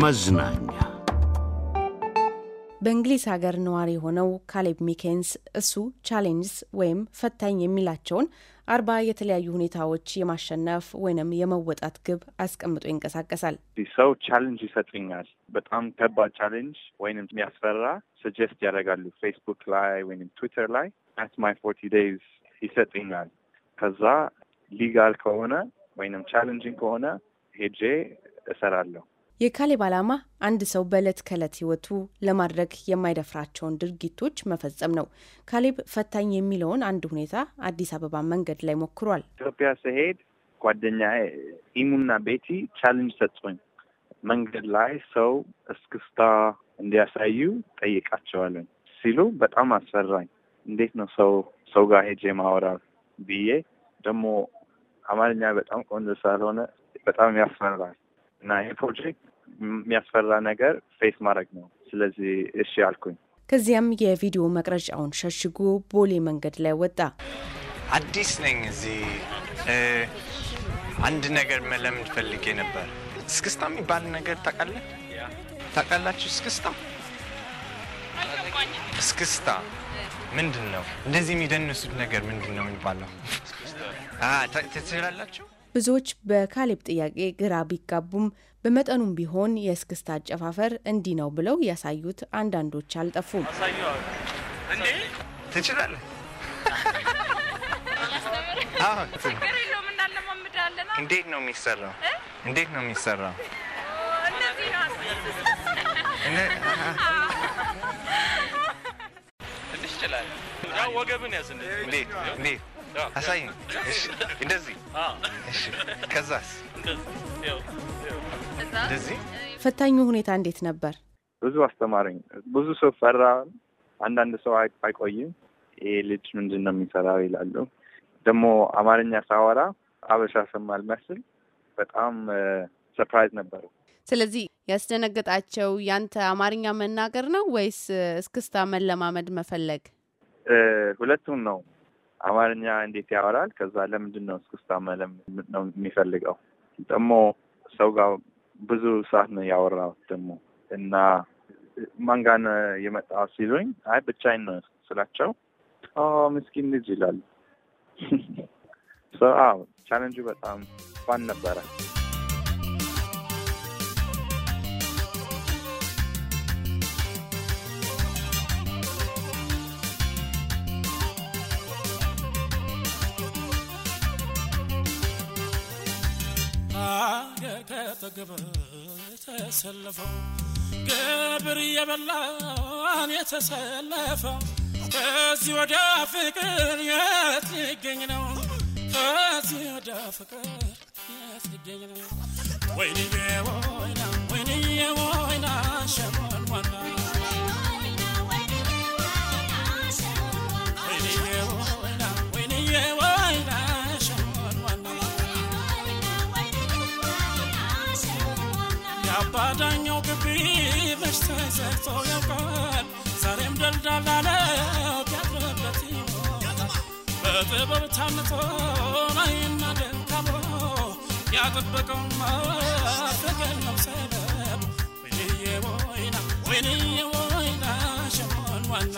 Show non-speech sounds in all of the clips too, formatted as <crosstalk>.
መዝናኛ በእንግሊዝ ሀገር ነዋሪ የሆነው ካሌብ ሚኬንስ እሱ ቻሌንጅስ ወይም ፈታኝ የሚላቸውን አርባ የተለያዩ ሁኔታዎች የማሸነፍ ወይንም የመወጣት ግብ አስቀምጦ ይንቀሳቀሳል። ሰው ቻሌንጅ ይሰጥኛል። በጣም ከባድ ቻሌንጅ ወይንም የሚያስፈራ ሰጀስት ያደርጋሉ። ፌስቡክ ላይ ወይም ትዊተር ላይ አት ማይ ፎርቲ ዴይዝ ይሰጥኛል። ከዛ ሊጋል ከሆነ ወይንም ቻሌንጅን ከሆነ ሄጄ እሰራለሁ። የካሌብ ዓላማ አንድ ሰው በዕለት ከዕለት ህይወቱ ለማድረግ የማይደፍራቸውን ድርጊቶች መፈጸም ነው። ካሌብ ፈታኝ የሚለውን አንድ ሁኔታ አዲስ አበባ መንገድ ላይ ሞክሯል። ኢትዮጵያ ስሄድ ጓደኛ ኢሙና ቤቲ ቻሌንጅ ሰጡኝ። መንገድ ላይ ሰው እስክስታ እንዲያሳዩ ጠይቃቸዋለን ሲሉ በጣም አስፈራኝ። እንዴት ነው ሰው ሰው ጋር ሄጄ ማወራው ብዬ ደግሞ አማርኛ በጣም ቆንጆ ስላልሆነ በጣም ያስፈራል። እና ይህ ፕሮጀክት የሚያስፈራ ነገር ፌስ ማድረግ ነው። ስለዚህ እሺ አልኩኝ። ከዚያም የቪዲዮ መቅረጫውን ሸሽጎ ቦሌ መንገድ ላይ ወጣ። አዲስ ነኝ እዚህ። አንድ ነገር መለምድ ፈልጌ ነበር። እስክስታ የሚባል ነገር ታውቃለህ? ታውቃላችሁ? እስክስታ እስክስታ ምንድን ነው? እንደዚህ የሚደንሱት ነገር ምንድን ነው የሚባለው? ትችላላችሁ ብዙዎች በካሌብ ጥያቄ ግራ ቢጋቡም በመጠኑም ቢሆን የእስክስታ አጨፋፈር እንዲህ ነው ብለው ያሳዩት አንዳንዶች አልጠፉም። ትችላለህ እንዴት ነው የሚሰራው? እንዴት ነው የሚሰራው? ትንሽ ይችላል። ወገብን ያዝ እንዴት አሳይ። እሺ፣ እንደዚህ እሺ። ከዛስ እንደዚህ ፈታኙ ሁኔታ እንዴት ነበር? ብዙ አስተማረኝ። ብዙ ሰው ፈራ። አንዳንድ ሰው አይቆይም። ይሄ ልጅ ምንድን ነው የሚሰራው ይላሉ። ደግሞ አማርኛ ሳወራ አበሻ ሰማል መስል በጣም ሰርፕራይዝ ነበሩ። ስለዚህ ያስደነገጣቸው ያንተ አማርኛ መናገር ነው ወይስ እስክስታ መለማመድ መፈለግ? ሁለቱም ነው። አማርኛ እንዴት ያወራል? ከዛ ለምንድን ነው እስክስታ ነው የሚፈልገው? ደግሞ ሰው ጋር ብዙ ሰዓት ነው ያወራው ደግሞ እና ማንጋነ የመጣ ነው ሲሉኝ፣ አይ ብቻዬን ነው ስላቸው፣ ምስኪን ልጅ ይላሉ። <laughs> ቻለንጁ በጣም ፋን ነበረ። ሀገር ከጠገበ ተሰለፈው ግብር የበላን የተሰለፈው ከዚህ ወደ ፍቅር የት ሊገኝ ነው? ከዚህ ወደ ፍቅር የት ሊገኝ ነው? ወይንዬ ወይና ወይንዬ ወይና ሸሞን ዋና አባዳኛው ግቢ መች ተዘግቶ ያውቃል ዛሬም ደልዳላ ነው ቢያድርበት በጥበብ ታንቶ ናይና ያጠበቀው ማፈገል ነው ሰበብ ወይና ወይና ሸሞን ዋና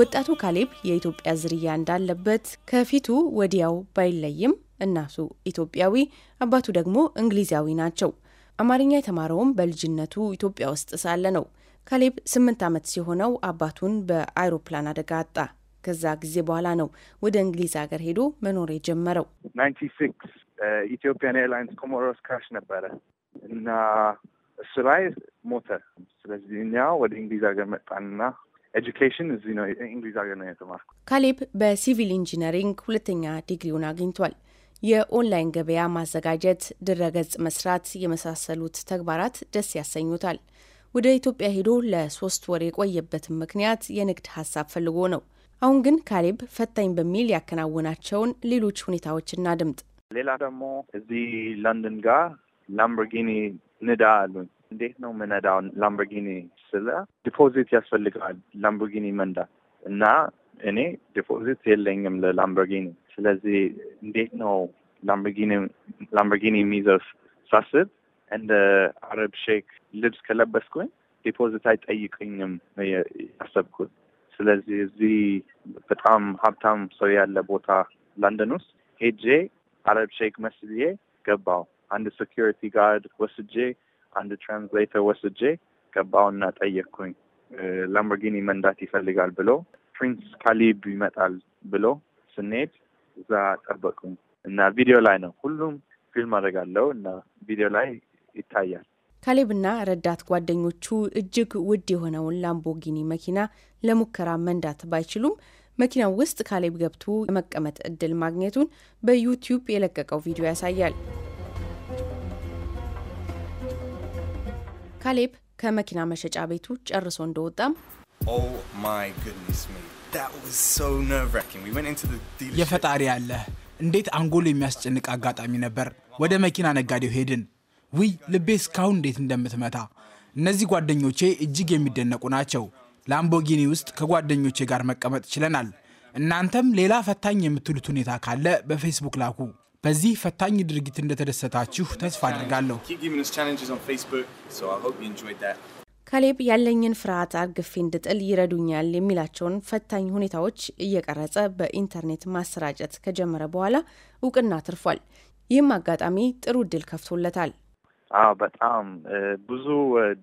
ወጣቱ ካሌብ የኢትዮጵያ ዝርያ እንዳለበት ከፊቱ ወዲያው ባይለይም እናቱ ኢትዮጵያዊ፣ አባቱ ደግሞ እንግሊዛዊ ናቸው። አማርኛ የተማረውም በልጅነቱ ኢትዮጵያ ውስጥ ሳለ ነው። ካሌብ ስምንት ዓመት ሲሆነው አባቱን በአይሮፕላን አደጋ አጣ። ከዛ ጊዜ በኋላ ነው ወደ እንግሊዝ ሀገር ሄዶ መኖር የጀመረው። ኢትዮጵያን ኤርላይንስ ኮሞሮስ ክራሽ ነበረ እና እሱ ላይ ሞተ። ስለዚህ እኛ ወደ እንግሊዝ ሀገር መጣንና ኤጁኬሽን እዚህ ነው፣ እንግሊዝ ሀገር ነው የተማርኩ። ካሌብ በሲቪል ኢንጂነሪንግ ሁለተኛ ዲግሪውን አግኝቷል። የኦንላይን ገበያ ማዘጋጀት፣ ድረገጽ መስራት የመሳሰሉት ተግባራት ደስ ያሰኙታል። ወደ ኢትዮጵያ ሄዶ ለሶስት ወር የቆየበትን ምክንያት የንግድ ሀሳብ ፈልጎ ነው። አሁን ግን ካሌብ ፈታኝ በሚል ያከናውናቸውን ሌሎች ሁኔታዎች እናድምጥ። ሌላ ደግሞ እዚህ ለንደን ጋር ላምበርጊኒ ንዳ አሉኝ። እንዴት ነው ምነዳው ላምበርጊኒ ስለ ዲፖዚት ያስፈልገዋል ላምበርጊኒ መንዳት እና እኔ ዲፖዚት የለኝም ለላምበርጊኒ። ስለዚህ እንዴት ነው ላምበርጊኒ የሚይዘው ሳስብ እንደ አረብ ሼክ ልብስ ከለበስኩኝ ዲፖዚት አይጠይቅኝም ያሰብኩት። ስለዚህ እዚህ በጣም ሀብታም ሰው ያለ ቦታ ለንደን ውስጥ ሄጄ አረብ ሼክ መስዬ ገባው። አንድ ሴኪሪቲ ጋርድ ወስጄ፣ አንድ ትራንስሌተር ወስጄ ገባውና ጠየቅኩኝ ላምበርጊኒ መንዳት ይፈልጋል ብሎ ፕሪንስ ካሊብ ይመጣል ብሎ ስንሄድ እዛ ጠበቁ እና ቪዲዮ ላይ ነው ሁሉም ፊልም አደርጋለሁ እና ቪዲዮ ላይ ይታያል። ካሌብና ረዳት ጓደኞቹ እጅግ ውድ የሆነውን ላምቦጊኒ መኪና ለሙከራ መንዳት ባይችሉም መኪናው ውስጥ ካሌብ ገብቶ የመቀመጥ እድል ማግኘቱን በዩቲዩብ የለቀቀው ቪዲዮ ያሳያል። ካሌብ ከመኪና መሸጫ ቤቱ ጨርሶ እንደወጣም Oh my goodness me. That was so nerve-wracking. We went into the dealership. የፈጣሪ ያለህ እንዴት አንጎል የሚያስጨንቅ አጋጣሚ ነበር። ወደ መኪና ነጋዴው ሄድን። ውይ ልቤ እስካሁን እንዴት እንደምትመታ። እነዚህ ጓደኞቼ እጅግ የሚደነቁ ናቸው። ላምቦጊኒ ውስጥ ከጓደኞቼ ጋር መቀመጥ ችለናል። እናንተም ሌላ ፈታኝ የምትሉት ሁኔታ ካለ በፌስቡክ ላኩ። በዚህ ፈታኝ ድርጊት እንደተደሰታችሁ ተስፋ አድርጋለሁ። ካሌብ ያለኝን ፍርሃት አርግፌ እንድጥል ይረዱኛል የሚላቸውን ፈታኝ ሁኔታዎች እየቀረጸ በኢንተርኔት ማሰራጨት ከጀመረ በኋላ እውቅና አትርፏል። ይህም አጋጣሚ ጥሩ እድል ከፍቶለታል። አዎ በጣም ብዙ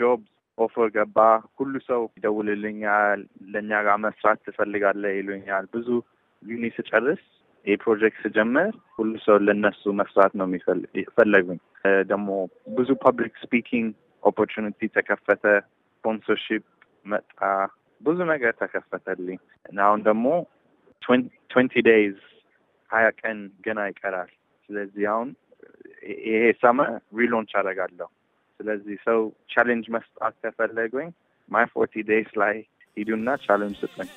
ጆብ ኦፈር ገባ። ሁሉ ሰው ይደውልልኛል። ለእኛ ጋር መስራት ትፈልጋለህ ይሉኛል። ብዙ ዩኒ ስጨርስ ይህ ፕሮጀክት ስጀምር ሁሉ ሰው ለነሱ መስራት ነው የሚፈለጉኝ። ደግሞ ብዙ ፐብሊክ ስፒኪንግ ኦፖርቹኒቲ ተከፈተ፣ ስፖንሰርሺፕ መጣ፣ ብዙ ነገር ተከፈተልኝ። አሁን ደግሞ ትዌንቲ ዴይዝ ሀያ ቀን ገና ይቀራል። ስለዚህ አሁን ይሄ ሰመር ሪሎንች አደርጋለሁ። ስለዚህ ሰው ቻሌንጅ መስጣት ከፈለጉኝ ማይ ፎርቲ ዴይስ ላይ ሂዱና ቻሌንጅ ስጡኝ።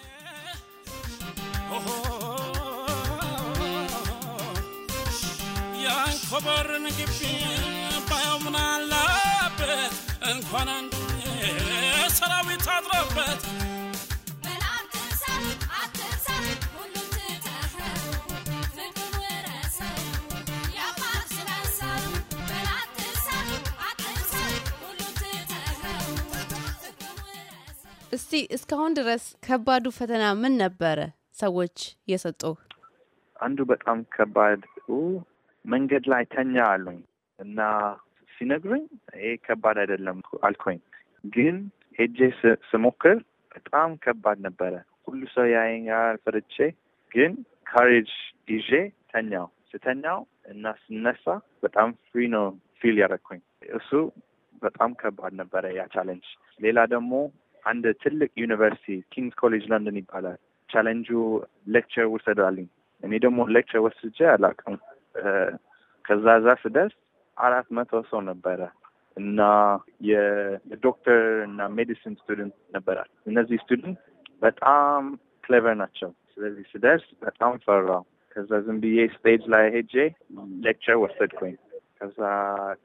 ያን ግቢ ባዮምናላ አድረበት እንኳን አንድ ሰራዊት አድረበት እስቲ እስካሁን ድረስ ከባዱ ፈተና ምን ነበረ? ሰዎች የሰጡ አንዱ በጣም ከባድ መንገድ ላይ ተኛ አሉኝ እና ሲነግሩኝ ይሄ ከባድ አይደለም አልኩኝ። ግን ሄጄ ስሞክር በጣም ከባድ ነበረ። ሁሉ ሰው ያየኛል ፈርቼ፣ ግን ካሬጅ ይዤ ተኛው። ስተኛው እና ስነሳ በጣም ፍሪ ነው ፊል ያደረግኩኝ። እሱ በጣም ከባድ ነበረ ያ ቻለንጅ። ሌላ ደግሞ አንድ ትልቅ ዩኒቨርሲቲ ኪንግስ ኮሌጅ ለንደን ይባላል። ቻለንጁ ሌክቸር ውሰዳልኝ። እኔ ደግሞ ሌክቸር ወስጄ አላውቅም። ከዛ እዛ ስደርስ አራት መቶ ሰው ነበረ እና የዶክተር እና ሜዲሲን ስቱደንት ነበራል። እነዚህ ስቱደንት በጣም ክሌቨር ናቸው። ስለዚህ ስደርስ በጣም ፈራው። ከዛ ዝም ብዬ ስቴጅ ላይ ሄጄ ሌክቸር ወሰድኩኝ። ከዛ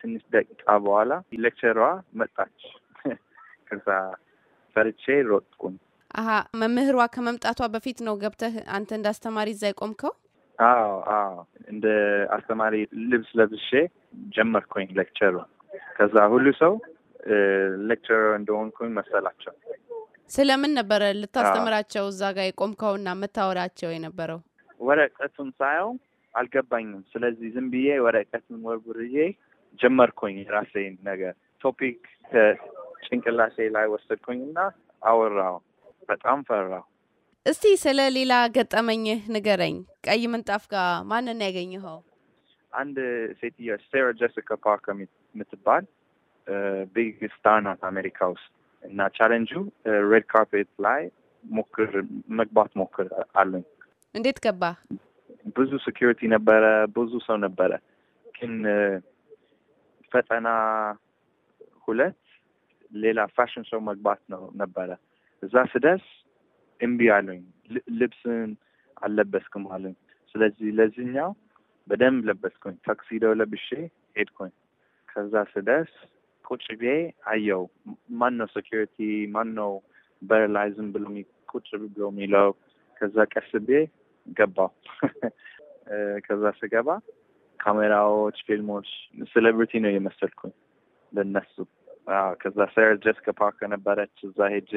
ትንሽ ደቂቃ በኋላ ሌክቸሯ መጣች። <laughs> ከዛ ፈርቼ ሮጥኩኝ። አሀ መምህሯ ከመምጣቷ በፊት ነው ገብተህ አንተ እንደ አስተማሪ እዛ የቆምከው? አዎ አዎ፣ እንደ አስተማሪ ልብስ ለብሼ ጀመርኩኝ ሌክቸሩ ከዛ ሁሉ ሰው ሌክቸር እንደሆንኩኝ መሰላቸው። ስለምን ነበረ ልታስተምራቸው እዛ ጋር የቆምከውና መታወራቸው የነበረው? ወረቀቱን ሳየው አልገባኝም። ስለዚህ ዝም ብዬ ወረቀቱን ወርውሬ ጀመርኩኝ ራሴ ነገር ቶፒክ ከጭንቅላሴ ላይ ወሰድኩኝና አወራው። በጣም ፈራው። እስቲ ስለ ሌላ ገጠመኝህ ንገረኝ። ቀይ ምንጣፍ ጋር ማንን ያገኘኸው? አንድ ሴትዮ ሴራ ጀሲካ ፓርከር የምትባል ቢግ ስታር ናት አሜሪካ ውስጥ እና ቻለንጁ ሬድ ካርፔት ላይ ሞክር መግባት ሞክር አለኝ። እንዴት ገባ? ብዙ ሴኪሪቲ ነበረ፣ ብዙ ሰው ነበረ። ግን ፈተና ሁለት ሌላ ፋሽን ሰው መግባት ነው ነበረ። እዛ ስደስ እምቢ አሉኝ። ልብስን አለበስክም አሉኝ። ስለዚህ ለዚህኛው በደንብ ለበስኩኝ። ታክሲዶ ለብሼ ሄድኩኝ። ከዛ ስደርስ ቁጭ ብዬ አየው። ማን ነው ሴኪሪቲ? ማን ነው በር ላይ ዝም ብሎ ቁጭ ብሎ የሚለው? ከዛ ቀስ ብዬ ገባው። <laughs> ከዛ ስገባ ካሜራዎች፣ ፊልሞች፣ ሴሌብሪቲ ነው የመሰልኩኝ ለነሱ። ከዛ ሰርጀስ ከፓርከ ነበረች። እዛ ሄጄ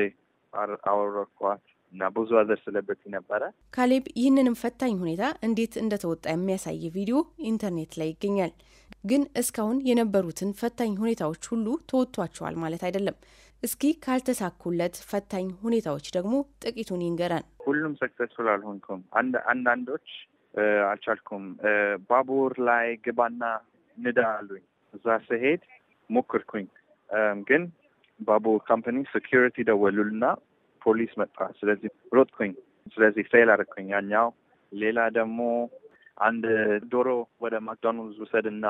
አወረኳት። እና ብዙ አዘር ስለበት ነበረ። ካሌብ ይህንንም ፈታኝ ሁኔታ እንዴት እንደተወጣ የሚያሳይ ቪዲዮ ኢንተርኔት ላይ ይገኛል። ግን እስካሁን የነበሩትን ፈታኝ ሁኔታዎች ሁሉ ተወጥቷቸዋል ማለት አይደለም። እስኪ ካልተሳኩለት ፈታኝ ሁኔታዎች ደግሞ ጥቂቱን ይንገራል። ሁሉም ሰክሰስፉል አልሆንኩም። አንዳንዶች አልቻልኩም። ባቡር ላይ ግባና ንዳ አሉኝ። እዛ ስሄድ ሞክርኩኝ፣ ግን ባቡር ካምፓኒ ሴኪሪቲ ደወሉልና ፖሊስ መጣ። ስለዚህ ሮጥኩኝ። ስለዚህ ፌል አድርኩኝ ያኛው። ሌላ ደግሞ አንድ ዶሮ ወደ ማክዶናልድ ውሰድ እና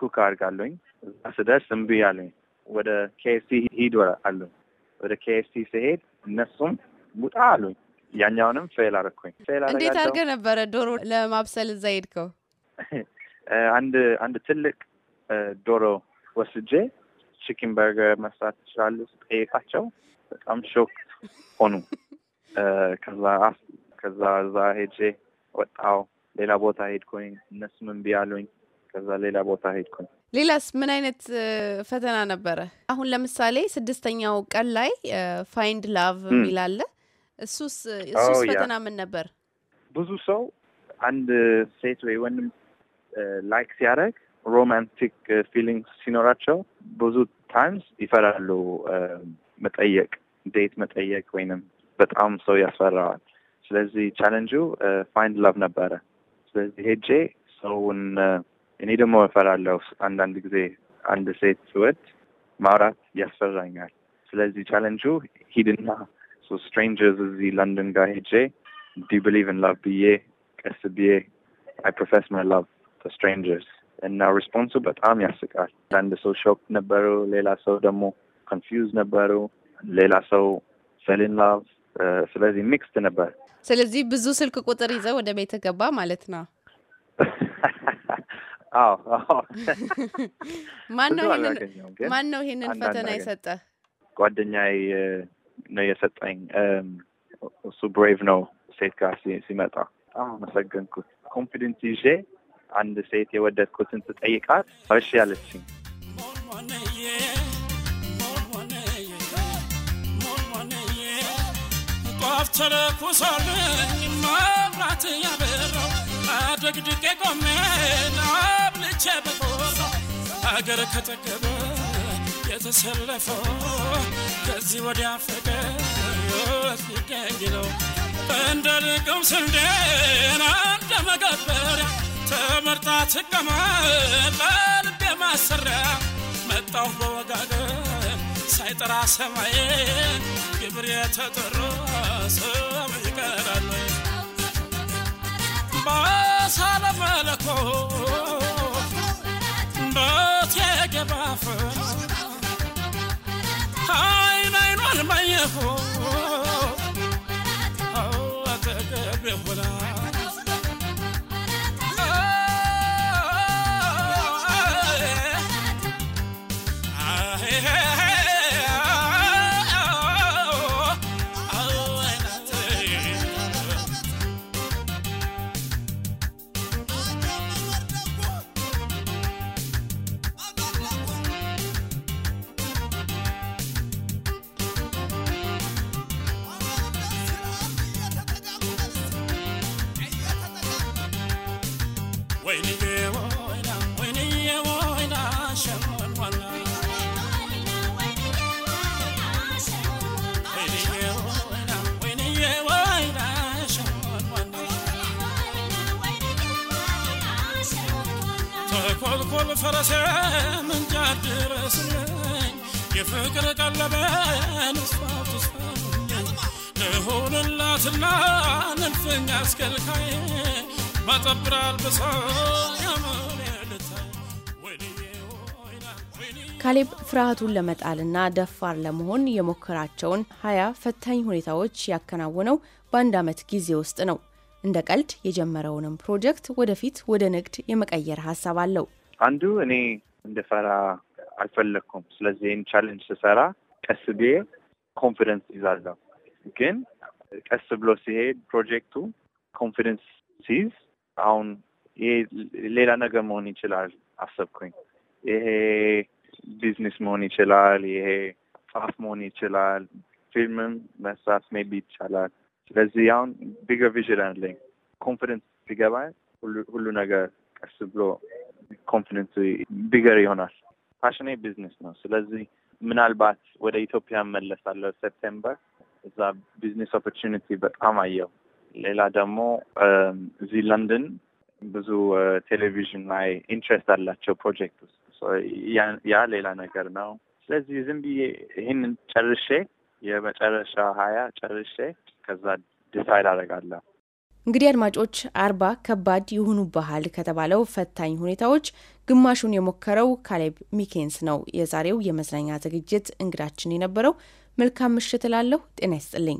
ኩክ አድርጋለኝ። እዛ ስደርስ እምቢ አሉኝ። ወደ ኬኤፍሲ ሂድ አሉኝ። ወደ ኬኤፍሲ ስሄድ እነሱም ውጣ አሉኝ። ያኛውንም ፌል አደረግኩኝ። እንዴት አድርገህ ነበረ ዶሮ ለማብሰል እዛ ሄድከው? <laughs> አንድ አንድ ትልቅ ዶሮ ወስጄ ቺኪን በርገር መስራት ትችላሉ ስጠይቃቸው በጣም ሾክ ሆኑ። ከዛ ከዛ እዛ ሄጄ ወጣው። ሌላ ቦታ ሄድኩኝ። እነሱም እምቢ አሉኝ። ከዛ ሌላ ቦታ ሄድኩኝ። ሌላስ ምን አይነት ፈተና ነበረ? አሁን ለምሳሌ ስድስተኛው ቀን ላይ ፋይንድ ላቭ የሚል እሱስ እሱስ ፈተና ምን ነበር? ብዙ ሰው አንድ ሴት ወይ ወንድም ላይክ ሲያደርግ ሮማንቲክ ፊሊንግስ ሲኖራቸው ብዙ ታይምስ ይፈራሉ መጠየቅ ዴት መጠየቅ ወይንም በጣም ሰው ያስፈራዋል። ስለዚህ ቻለንጁ ፋይንድ ላቭ ነበረ። ስለዚህ ሄጄ ሰውን እኔ ደግሞ እፈራለሁ። አንዳንድ ጊዜ አንድ ሴት ስወድ ማውራት ያስፈራኛል። ስለዚህ ቻለንጁ ሂድና ስትሬንጀርስ እዚህ ለንደን ጋር ሄጄ ዱ ብሊቭ ን ላቭ ብዬ ቀስ ብዬ አይ ፕሮፌስ ማይ ላቭ ስትሬንጀርስ እና ሪስፖንሱ በጣም ያስቃል። አንድ ሰው ሾክ ነበሩ፣ ሌላ ሰው ደግሞ ኮንፊውዝ ነበሩ። ሌላ ሰው ፌሊን ላቭ uh, ስለዚህ ሚክስት ነበር። ስለዚህ ብዙ ስልክ ቁጥር ይዘ ወደ ቤት ገባ ማለት ነው። <laughs> <laughs> ማን ነው ይሄንን ፈተና የሰጠ? ጓደኛዬ uh, ነው የሰጠኝ። um, እሱ ብሬቭ ነው። ሴት ጋር ሲመጣ በጣም አመሰገንኩት። ኮንፊደንስ ይዤ አንድ ሴት የወደድኩትን ትጠይቃት እሺ ያለችኝ ተለኩሶልኝ መብራት ያበራው አድቅድቄ ቆሜን አብልቼ በቆራው አገር ከጠገበ የተሰለፈው ከዚህ ወዲያ ፍቅር ሊገኝለው እንደ ልቅም ስንዴን እንደ መገበሪያ ተመርጣ ትቀመጥ ልቤ ማሰሪያ መጣሁ በወጋገን ሳይጠራ ሰማዬ ግብር የተጠሩ ስም ይቀራል በሳለ መለኮ በቴገባፍ አይን አይኗን መየሆ ፈረሴ የፍቅር ቀለበን ስፋቱ ካሌብ ፍርሃቱን ለመጣልና ደፋር ለመሆን የሞከራቸውን ሀያ ፈታኝ ሁኔታዎች ያከናወነው በአንድ ዓመት ጊዜ ውስጥ ነው። እንደ ቀልድ የጀመረውንም ፕሮጀክት ወደፊት ወደ ንግድ የመቀየር ሀሳብ አለው። አንዱ እኔ እንደፈራ አልፈለግኩም። ስለዚህ ይህን ቻለንጅ ስሰራ ቀስ ብዬ ኮንፊደንስ ይዛለሁ። ግን ቀስ ብሎ ሲሄድ ፕሮጀክቱ ኮንፊደንስ ሲይዝ አሁን ይሄ ሌላ ነገር መሆን ይችላል አሰብኩኝ። ይሄ ቢዝነስ መሆን ይችላል፣ ይሄ ጻፍ መሆን ይችላል፣ ፊልምም መስራት ሜቢ ይቻላል። ስለዚህ አሁን ቢገር ቪዥን አለኝ። ኮንፊደንስ ሲገባ ሁሉ ነገር ቀስ ብሎ ኮንፊደንስ ቢገር ይሆናል። ፓሽኔ ቢዝነስ ነው። ስለዚህ ምናልባት ወደ ኢትዮጵያ መለሳለሁ ሴፕቴምበር። እዛ ቢዝነስ ኦፖርቹኒቲ በጣም አየው። ሌላ ደግሞ እዚህ ለንደን ብዙ ቴሌቪዥን ላይ ኢንትረስት አላቸው ፕሮጀክት ውስጥ ያ ሌላ ነገር ነው። ስለዚህ ዝም ብዬ ይህንን ጨርሼ የመጨረሻ ሀያ ጨርሼ ከዛ ዲሳይድ አደርጋለሁ። እንግዲህ አድማጮች አርባ ከባድ ባህል ከተባለው ፈታኝ ሁኔታዎች ግማሹን የሞከረው ካሌብ ሚኬንስ ነው የዛሬው የመዝናኛ ዝግጅት እንግዳችን የነበረው። መልካም ምሽት እላለሁ። ጤና ይስጥልኝ።